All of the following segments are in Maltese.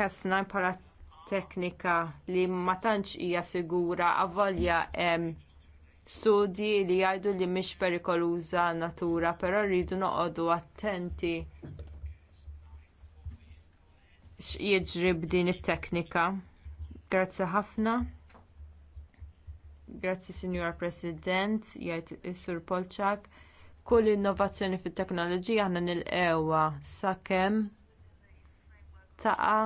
kasna bħala teknika li ma tantx hija sigura avolja hemm studji li jgħidu li mhix perikoluża natura, però rridu noqogħdu attenti x'jiġri b'din it-teknika. Grazzi ħafna. Grazzi Signor President, jgħid is-Sur Polċak. Kull innovazzjoni fit-teknoloġija aħna nilqewha sakemm taqa'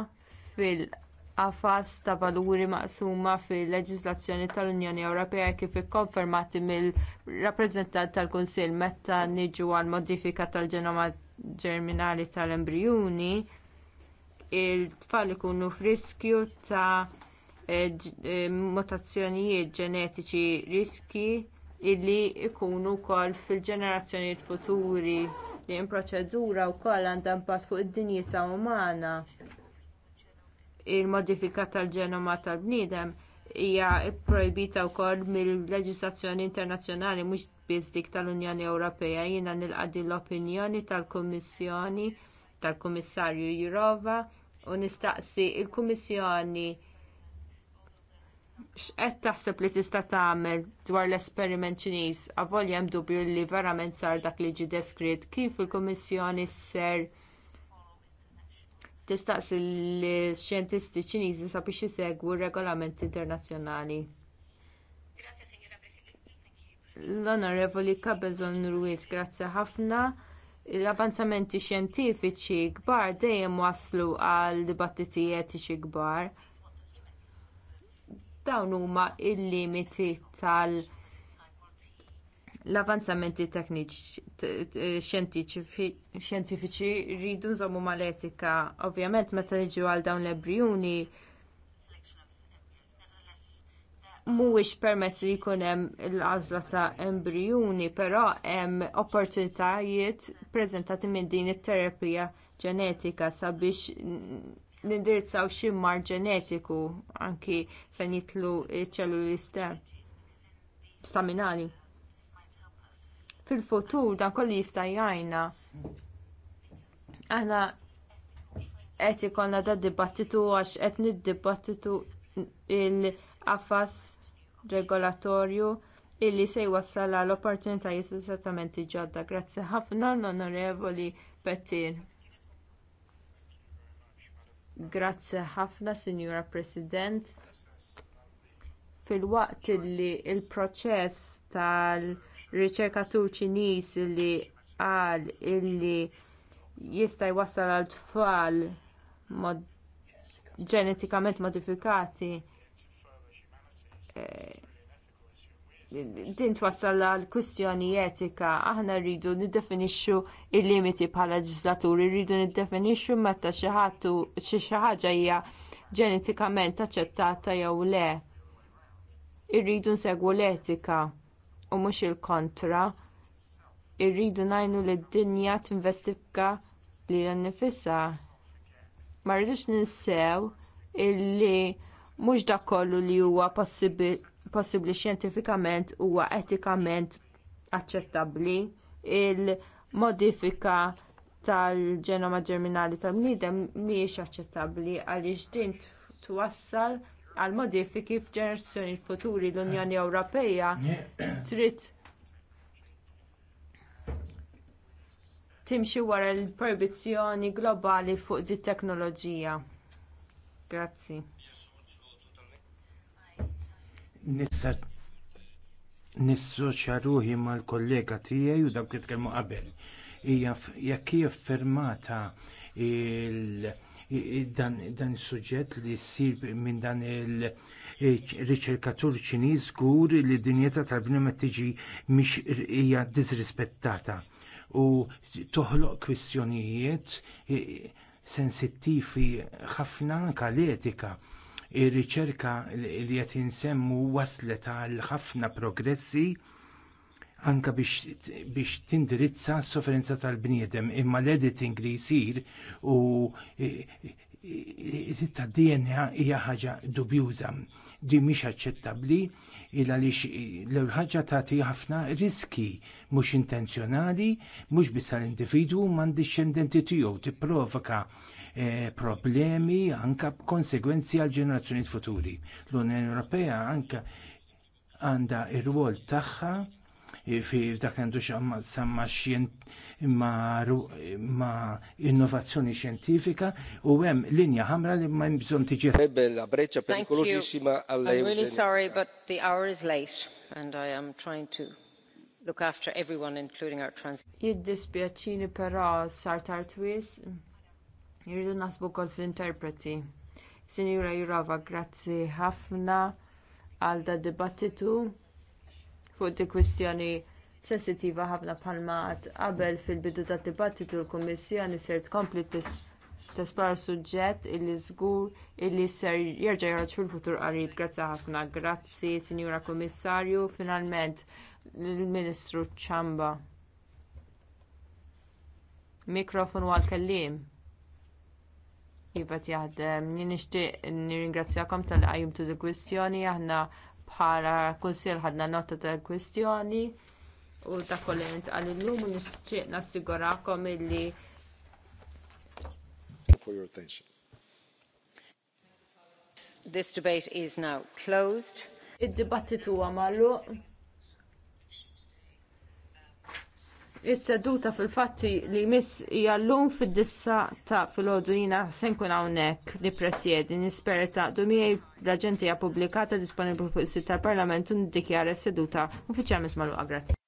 fil-qafas ta' valuri maqsuma fil-leġiżlazzjoni tal-Unjoni Ewropea kif ikkonfermati mill-rappreżentant tal-Kunsill meta niġu għal modifika tal-ġenoma ġerminali tal embrijuni il-tfal ikunu f'riskju ta' eh, eh, mutazzjonijiet ġenetiċi riski illi jkunu wkoll fil-ġenerazzjonijiet futuri li proċedura wkoll għandha impatt fuq id-dinjità umana il-modifika tal-ġenoma tal-bniedem hija pprojbita wkoll mill-leġislazzjoni internazzjonali mhux biss dik tal-Unjoni Ewropea jiena nilqa' din l-opinjoni tal-Kummissjoni tal-Kummissarju Jurova u nistaqsi l kummissjoni x'qed taħseb li tista' tagħmel dwar l-esperiment Ċiniż avolja dubju li verament sar dak li ġie deskritt kif il-Kummissjoni ser tistaqsi l-xjentisti ċiniżi sabiex isegwu r-regolamenti internazzjonali. L-Onorevoli Cabezon Ruiz, grazzi ħafna. L-avanzamenti xjentifiċi kbar dejjem waslu għal dibattiti etiċi kbar. Dawn huma il-limiti tal- l-avanzamenti tekniċi xjentifiċi rridu nżommu mal-etika. Ovvjament, meta niġu għal dawn l-embrijuni, mhuwiex permess li jkun hemm l-għażla ta' embrijuni, però hemm opportunitajiet preżentati minn din it-terapija ġenetika sabiex nindirizzaw xi mar ġenetiku anki fejn jitlu ċelluli stem staminali fil-futur dan kollu jista' jgħinna. Aħna qed ikollna da dibattitu għax qed niddibattitu il-qafas regolatorju illi se jwassal għal opportunitajiet u trattamenti ġodda. Grazzi ħafna l-Onorevoli Petir. Grazzi ħafna, Sinjura President. Fil-waqt li l proċess tal- riċerkatur ċiniż li qal illi jista' jwassal għal tfal mod ġenetikament modifikati eh, din twassal għal kwistjoni etika aħna rridu niddefinixxu l limiti bħala leġislaturi rridu niddefinixxu meta xi ħaġa hija ġenetikament aċċettata jew le irridu nsegwu l-etika u mhux il-kontra irridu ngħinu lid-dinja tinvestiga li nnifisha ma rridux ninsew illi mhux dak kollu li huwa possibbli xjentifikament huwa etikament aċċettabbli il-modifika tal-ġenoma ġerminali tal-bniedem mhijiex aċċettabbli għaliex din twassal għal modifiki f'ġenerazzjoni futuri l-Unjoni Ewropea trid timxi wara l-proibizzjoni globali fuq di teknoloġija. Grazzi. Nissa nissoċja ruħi mal-kollega tiegħi u dawk li tkellmu qabel. Hija jekk hija firmata il- dan, dan is-suġġett li ssir minn dan il-riċerkatur e, ċiniż żgur li d-dinjeta tal-bnema tiġi mhix hija disrispettata u toħloq kwistjonijiet e, sensittivi ħafna anke l-etika ir-riċerka li qed insemmu waslet għal ħafna progressi anka biex tindirizza s-sofferenza tal-bniedem imma l-editing li jsir u e, e, ta' DNA hija ħaġa dubjuża. Di mhix aċċettabbli il għaliex l-ewwel ħaġa tagħti ħafna riski mhux intenzjonali, mhux biss għall-individwu m'għandix-xendenti tiegħu tipprovoka e, problemi anka b'konsegwenzi għal ġenerazzjonijiet futuri. L-Unjoni Ewropea anka għandha r-rwol tagħha fi dak għandu xamma samma xien ma ma innovazzjoni xjentifika u hemm linja ħamra li ma bżonn tiġi. La breccia perikolosissima għall I'm really sorry but the hour is late and I am trying to look after everyone including our trans. Jiddispjaċini però sar tartwis jirridu nasbu kol fl-interpreti. Sinjura Jurova, grazzi ħafna għal da dibattitu fuq di kwistjoni sensittiva ħafna bħalma qabel fil-bidu tad dibattitu l-Kummissjoni ser tkompli tespar suġġett illi żgur illi ser jerġa' jorġ fil-futur qarib. Grazzi ħafna, grazzi Sinjura Kummissarju, finalment il-Ministru Ċamba. Mikrofon għal kellim. Iva jaħdem, nixtieq nirringrazzjakom tal-qajjum tu kwistjoni aħna bħala kunsil ħadna nota tal-kwistjoni u ta' kollent għal-lum u nixtieq nassigurakom illi for your attention. This debate is now closed. Id-dibattitu għamalu Is-seduta fil-fatti li miss hija llum fid-dissa ta' filgħodu jiena se nkun hawnhekk li presjedi nispera ta' dumijaj l-aġenti hija pubblikata disponibbli fuq is-sit tal-Parlament u ndikjara s-seduta uffiċjalment magħluqa. Grazzi.